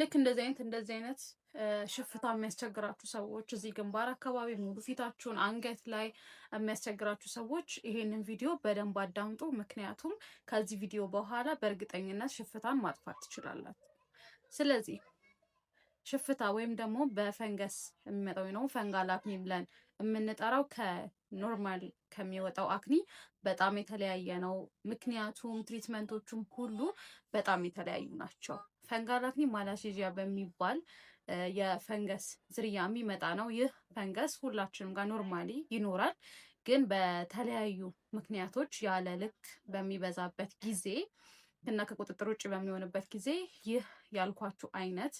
ልክ እንደዚህ አይነት እንደዚህ አይነት ሽፍታ የሚያስቸግራችሁ ሰዎች እዚህ ግንባር አካባቢ ሙሉ ፊታችሁን አንገት ላይ የሚያስቸግራችሁ ሰዎች ይሄንን ቪዲዮ በደንብ አዳምጡ። ምክንያቱም ከዚህ ቪዲዮ በኋላ በእርግጠኝነት ሽፍታን ማጥፋት ትችላላችሁ። ስለዚህ ሽፍታ ወይም ደግሞ በፈንገስ የሚመጣው ነው ፈንጋል አክኒ ብለን የምንጠራው ከኖርማል ከሚወጣው አክኒ በጣም የተለያየ ነው። ምክንያቱም ትሪትመንቶቹም ሁሉ በጣም የተለያዩ ናቸው። ፈንጋላክኒ ማላሴዥያ በሚባል የፈንገስ ዝርያ የሚመጣ ነው። ይህ ፈንገስ ሁላችንም ጋር ኖርማሊ ይኖራል፣ ግን በተለያዩ ምክንያቶች ያለ ልክ በሚበዛበት ጊዜ እና ከቁጥጥር ውጭ በሚሆንበት ጊዜ ይህ ያልኳችሁ አይነት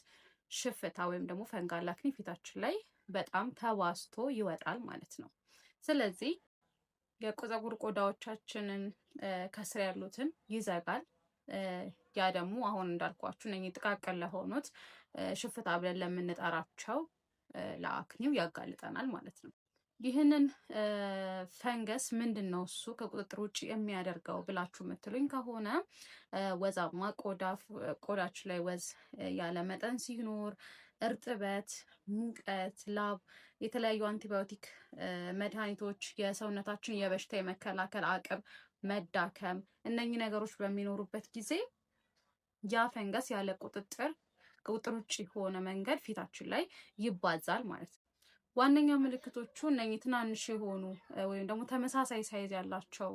ሽፍታ ወይም ደግሞ ፈንጋላክኒ ፊታችን ላይ በጣም ተባስቶ ይወጣል ማለት ነው። ስለዚህ የፀጉር ቆዳዎቻችንን ከስር ያሉትን ይዘጋል። ያ ደግሞ አሁን እንዳልኳችሁ እነኚህ ጥቃቅን ለሆኑት ሽፍታ ብለን ለምንጠራቸው ለአክኒው ያጋልጠናል ማለት ነው። ይህንን ፈንገስ ምንድን ነው እሱ ከቁጥጥር ውጭ የሚያደርገው ብላችሁ የምትሉኝ ከሆነ ወዛማ ቆዳ፣ ቆዳችሁ ላይ ወዝ ያለ መጠን ሲኖር፣ እርጥበት፣ ሙቀት፣ ላብ፣ የተለያዩ አንቲባዮቲክ መድኃኒቶች የሰውነታችን የበሽታ የመከላከል አቅም መዳከም እነኚህ ነገሮች በሚኖሩበት ጊዜ ያ ፈንገስ ያለ ቁጥጥር ቁጥር ውጭ የሆነ መንገድ ፊታችን ላይ ይባዛል ማለት ነው። ዋነኛ ምልክቶቹ እነኚህ ትናንሽ የሆኑ ወይም ደግሞ ተመሳሳይ ሳይዝ ያላቸው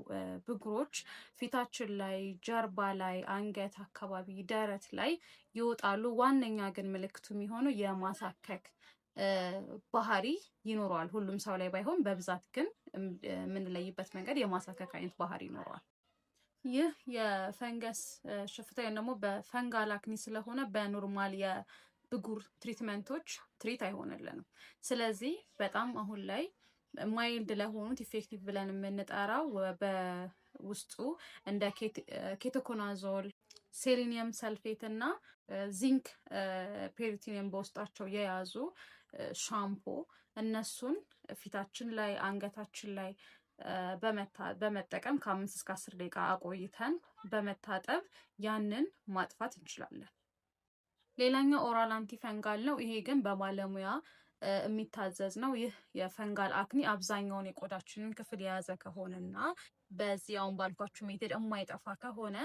ብጉሮች ፊታችን ላይ፣ ጀርባ ላይ፣ አንገት አካባቢ፣ ደረት ላይ ይወጣሉ። ዋነኛ ግን ምልክቱ የሚሆኑ የማሳከክ ባህሪ ይኖረዋል። ሁሉም ሰው ላይ ባይሆን በብዛት ግን የምንለይበት መንገድ የማሳከክ አይነት ባህሪ ይኖረዋል። ይህ የፈንገስ ሽፍታ ወይም ደግሞ በፈንጋል አክኒ ስለሆነ በኖርማል የብጉር ትሪትመንቶች ትሪት አይሆንልንም። ስለዚህ በጣም አሁን ላይ ማይልድ ለሆኑት ኢፌክቲቭ ብለን የምንጠራው በውስጡ እንደ ኬቶኮናዞል፣ ሴሊኒየም ሰልፌት እና ዚንክ ፔሪቲኒየም በውስጣቸው የያዙ ሻምፖ እነሱን ፊታችን ላይ አንገታችን ላይ በመጠቀም ከአምስት እስከ አስር ደቂቃ አቆይተን በመታጠብ ያንን ማጥፋት እንችላለን። ሌላኛው ኦራል አንቲ ፈንጋል ነው። ይሄ ግን በባለሙያ የሚታዘዝ ነው። ይህ የፈንጋል አክኒ አብዛኛውን የቆዳችንን ክፍል የያዘ ከሆነና በዚህ አሁን ባልኳችሁ ሜቴድ የማይጠፋ ከሆነ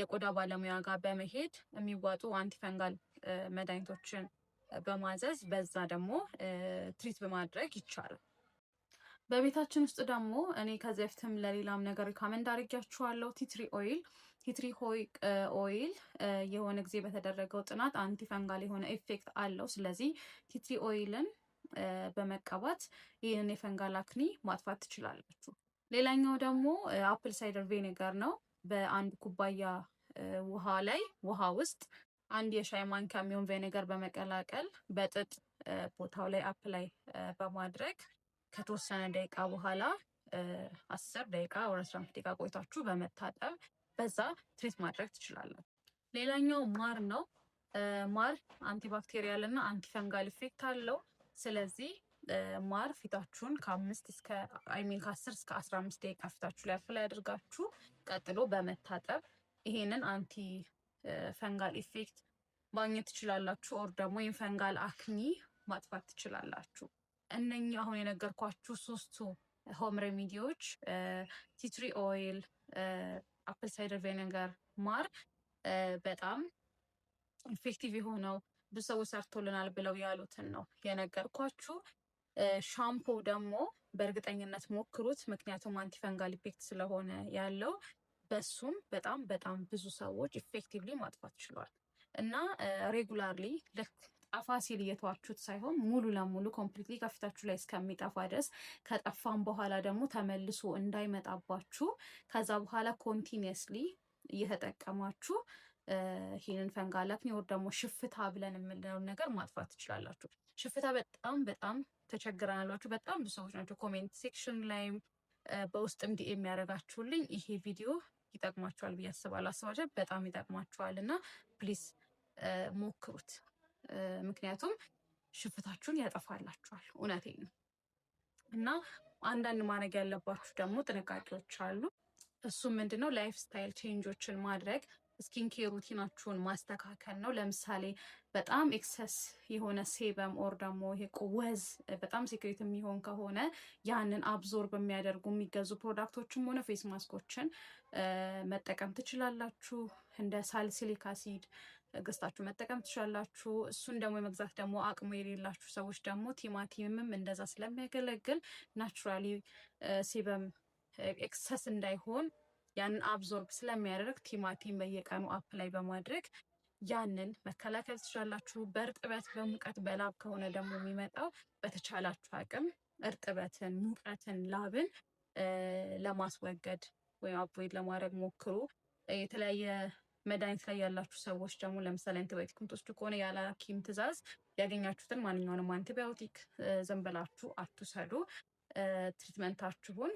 የቆዳ ባለሙያ ጋር በመሄድ የሚዋጡ አንቲፈንጋል መድኃኒቶችን በማዘዝ በዛ ደግሞ ትሪት በማድረግ ይቻላል። በቤታችን ውስጥ ደግሞ እኔ ከዚህ በፊትም ለሌላም ነገር ካመንድ አድርጊያችኋለሁ። ቲትሪ ኦይል ቲትሪ ኦይል የሆነ ጊዜ በተደረገው ጥናት ፈንጋል የሆነ ኤፌክት አለው። ስለዚህ ቲትሪ ኦይልን በመቀባት ይህንን የፈንጋል አክኒ ማጥፋት ትችላላችሁ። ሌላኛው ደግሞ አፕል ሳይደር ቬኔገር ነው። በአንድ ኩባያ ውሃ ላይ ውሃ ውስጥ አንድ የሻይ ማንኪያ የሚሆን ቬኔገር በመቀላቀል በጥጥ ቦታው ላይ አፕላይ በማድረግ ከተወሰነ ደቂቃ በኋላ አስር ደቂቃ ወደ አስራ አምስት ደቂቃ ቆይታችሁ በመታጠብ በዛ ትሪት ማድረግ ትችላለን። ሌላኛው ማር ነው። ማር አንቲባክቴሪያል እና አንቲፈንጋል ኢፌክት አለው። ስለዚህ ማር ፊታችሁን ከአምስት እስከ አይሚን ከአስር እስከ አስራ አምስት ደቂቃ ፊታችሁ ላይ አፍላ ያደርጋችሁ ቀጥሎ በመታጠብ ይሄንን አንቲ ፈንጋል ኢፌክት ማግኘት ትችላላችሁ። ኦር ደግሞ ይህን ፈንጋል አክኒ ማጥፋት ትችላላችሁ። እነኛ አሁን የነገርኳችሁ ሶስቱ ሆም ሬሚዲዎች ቲትሪ ኦይል፣ አፕል ሳይደር ቬነገር፣ ማር በጣም ኢፌክቲቭ የሆነው ብዙ ሰዎች ሰርቶልናል ብለው ያሉትን ነው የነገርኳችሁ። ሻምፖ ደግሞ በእርግጠኝነት ሞክሩት፣ ምክንያቱም አንቲፈንጋል ኢፌክት ስለሆነ ያለው በሱም በጣም በጣም ብዙ ሰዎች ኢፌክቲቭሊ ማጥፋት ችሏል እና ሬጉላርሊ ልክ ጠፋ ሲል እየተዋችሁት ሳይሆን ሙሉ ለሙሉ ኮምፕሊትሊ ከፊታችሁ ላይ እስከሚጠፋ ድረስ ከጠፋም በኋላ ደግሞ ተመልሶ እንዳይመጣባችሁ ከዛ በኋላ ኮንቲኒየስሊ እየተጠቀማችሁ ይህንን ፈንጋላክኒ ወር ደግሞ ሽፍታ ብለን የምንለውን ነገር ማጥፋት ትችላላችሁ። ሽፍታ በጣም በጣም ተቸግረናላችሁ። በጣም ብዙ ሰዎች ናቸው ኮሜንት ሴክሽን ላይም በውስጥም ዲ የሚያደርጋችሁልኝ ይሄ ቪዲዮ ይጠቅማችኋል ብዬ አስባለሁ። አስባቸው በጣም ይጠቅማችኋል እና ፕሊዝ ሞክሩት። ምክንያቱም ሽፍታችሁን ያጠፋላችኋል። እውነቴ ነው። እና አንዳንድ ማድረግ ያለባችሁ ደግሞ ጥንቃቄዎች አሉ። እሱም ምንድነው ላይፍ ስታይል ቼንጆችን ማድረግ ስኪን ኬር ሩቲናችሁን ማስተካከል ነው። ለምሳሌ በጣም ኤክሰስ የሆነ ሴበም ኦር ደግሞ ወዝ በጣም ሴክሬት የሚሆን ከሆነ ያንን አብዞር በሚያደርጉ የሚገዙ ፕሮዳክቶችም ሆነ ፌስ ማስኮችን መጠቀም ትችላላችሁ። እንደ ሳልሲሊክ አሲድ ገዝታችሁ መጠቀም ትችላላችሁ። እሱን ደግሞ የመግዛት ደግሞ አቅሙ የሌላችሁ ሰዎች ደግሞ ቲማቲምም እንደዛ ስለሚያገለግል ናቹራሊ ሲበም ኤክሰስ እንዳይሆን ያንን አብዞርብ ስለሚያደርግ ቲማቲም በየቀኑ አፕ ላይ በማድረግ ያንን መከላከል ትችላላችሁ። በእርጥበት በሙቀት በላብ ከሆነ ደግሞ የሚመጣው በተቻላችሁ አቅም እርጥበትን፣ ሙቀትን፣ ላብን ለማስወገድ ወይም አቮይድ ለማድረግ ሞክሩ የተለያየ መድኃኒት ላይ ያላችሁ ሰዎች ደግሞ ለምሳሌ አንቲባዮቲክ ምትወስዱ ከሆነ ያለ ሐኪም ትዕዛዝ ያገኛችሁትን ማንኛውንም አንቲባዮቲክ ዘንበላችሁ አትውሰዱ። ትሪትመንታችሁን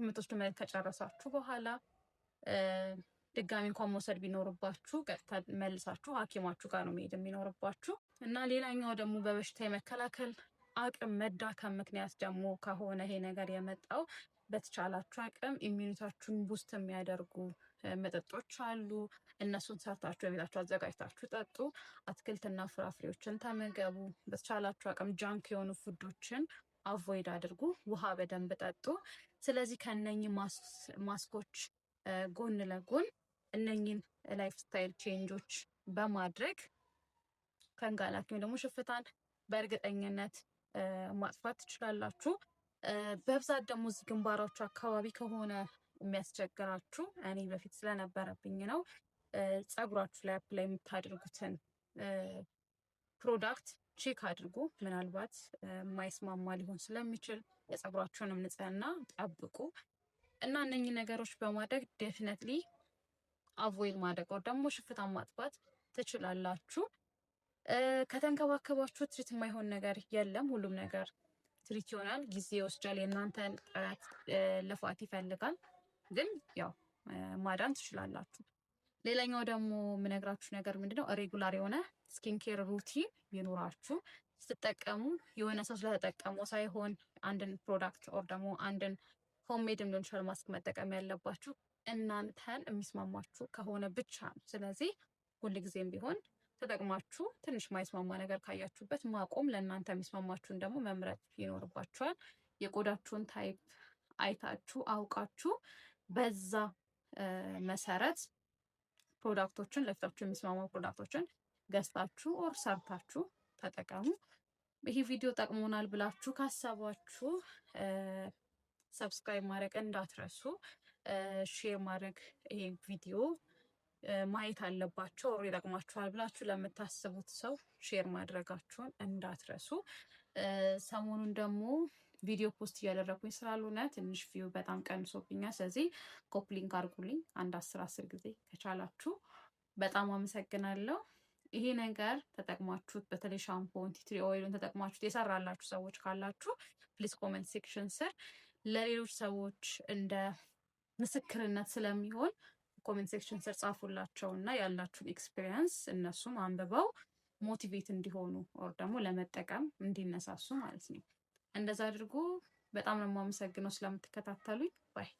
የምትወስዱ መድኃኒት ከጨረሳችሁ በኋላ ድጋሚ እንኳን መውሰድ ቢኖርባችሁ ቀጥታ መልሳችሁ ሐኪማችሁ ጋር ነው መሄድ የሚኖርባችሁ እና ሌላኛው ደግሞ በበሽታ የመከላከል አቅም መዳከም ምክንያት ደግሞ ከሆነ ይሄ ነገር የመጣው በተቻላችሁ አቅም ኢሚኒታችሁን ቡስት የሚያደርጉ መጠጦች አሉ። እነሱን ሰርታችሁ በቤታችሁ አዘጋጅታችሁ ጠጡ። አትክልትና ፍራፍሬዎችን ተመገቡ። በተቻላችሁ አቅም ጃንክ የሆኑ ፉዶችን አቮይድ አድርጉ። ውሃ በደንብ ጠጡ። ስለዚህ ከእነኚህ ማስኮች ጎን ለጎን እነኚህን ላይፍ ስታይል ቼንጆች በማድረግ ከንጋላችሁ ደግሞ ሽፍታን በእርግጠኝነት ማጥፋት ትችላላችሁ። በብዛት ደግሞ እዚህ ግንባራችሁ አካባቢ ከሆነ የሚያስቸግራችሁ እኔ በፊት ስለነበረብኝ ነው። ጸጉራችሁ ላይ አፕላይ የምታደርጉትን ፕሮዳክት ቼክ አድርጉ። ምናልባት የማይስማማ ሊሆን ስለሚችል የጸጉራችሁንም ንጽህና ጠብቁ እና እነኚህ ነገሮች በማድረግ ዴፍነትሊ አቮይድ ማድረግ ወር ደግሞ ሽፍታ ማጥፋት ትችላላችሁ። ከተንከባከባችሁ ትሪት የማይሆን ነገር የለም። ሁሉም ነገር ትሪት ይሆናል። ጊዜ ይወስዳል። የእናንተን ጥረት ልፋት ይፈልጋል። ግን ያው ማዳን ትችላላችሁ። ሌላኛው ደግሞ የምነግራችሁ ነገር ምንድነው ሬጉላር የሆነ ስኪንኬር ሩቲን ይኖራችሁ ስትጠቀሙ የሆነ ሰው ስለተጠቀመው ሳይሆን አንድን ፕሮዳክት ኦር ደግሞ አንድን ሆምሜድ ሊሆን ይችላል ማስክ መጠቀም ያለባችሁ እናንተን የሚስማማችሁ ከሆነ ብቻ ነው። ስለዚህ ሁልጊዜም ቢሆን ተጠቅማችሁ ትንሽ ማይስማማ ነገር ካያችሁበት ማቆም፣ ለእናንተ የሚስማማችሁን ደግሞ መምረጥ ይኖርባችኋል። የቆዳችሁን ታይፕ አይታችሁ አውቃችሁ በዛ መሰረት ፕሮዳክቶችን ለፊታችሁ የሚስማሙ ፕሮዳክቶችን ገዝታችሁ ኦር ሰርታችሁ ተጠቀሙ። ይሄ ቪዲዮ ጠቅሞናል ብላችሁ ካሰባችሁ ሰብስክራይብ ማድረግ እንዳትረሱ፣ ሼር ማድረግ ይሄ ቪዲዮ ማየት አለባቸው ኦር ይጠቅማችኋል ብላችሁ ለምታስቡት ሰው ሼር ማድረጋችሁን እንዳትረሱ። ሰሞኑን ደግሞ ቪዲዮ ፖስት እያደረኩኝ ስላልሆነ ትንሽ ቪው በጣም ቀንሶብኛል። ስለዚህ ኮፕሊንክ አርጉልኝ አንድ አስር አስር ጊዜ ከቻላችሁ በጣም አመሰግናለሁ። ይሄ ነገር ተጠቅማችሁት በተለይ ሻምፖን ቲትሪ ኦይሉን ተጠቅማችሁት የሰራላችሁ ሰዎች ካላችሁ ፕሊስ ኮመንት ሴክሽን ስር ለሌሎች ሰዎች እንደ ምስክርነት ስለሚሆን ኮሜንት ሴክሽን ስር ጻፉላቸው እና ያላችሁን ኤክስፔሪንስ እነሱም አንብበው ሞቲቬት እንዲሆኑ ኦር ደግሞ ለመጠቀም እንዲነሳሱ ማለት ነው። እንደዛ አድርጎ በጣም ነው የማመሰግነው ስለምትከታተሉኝ ባይ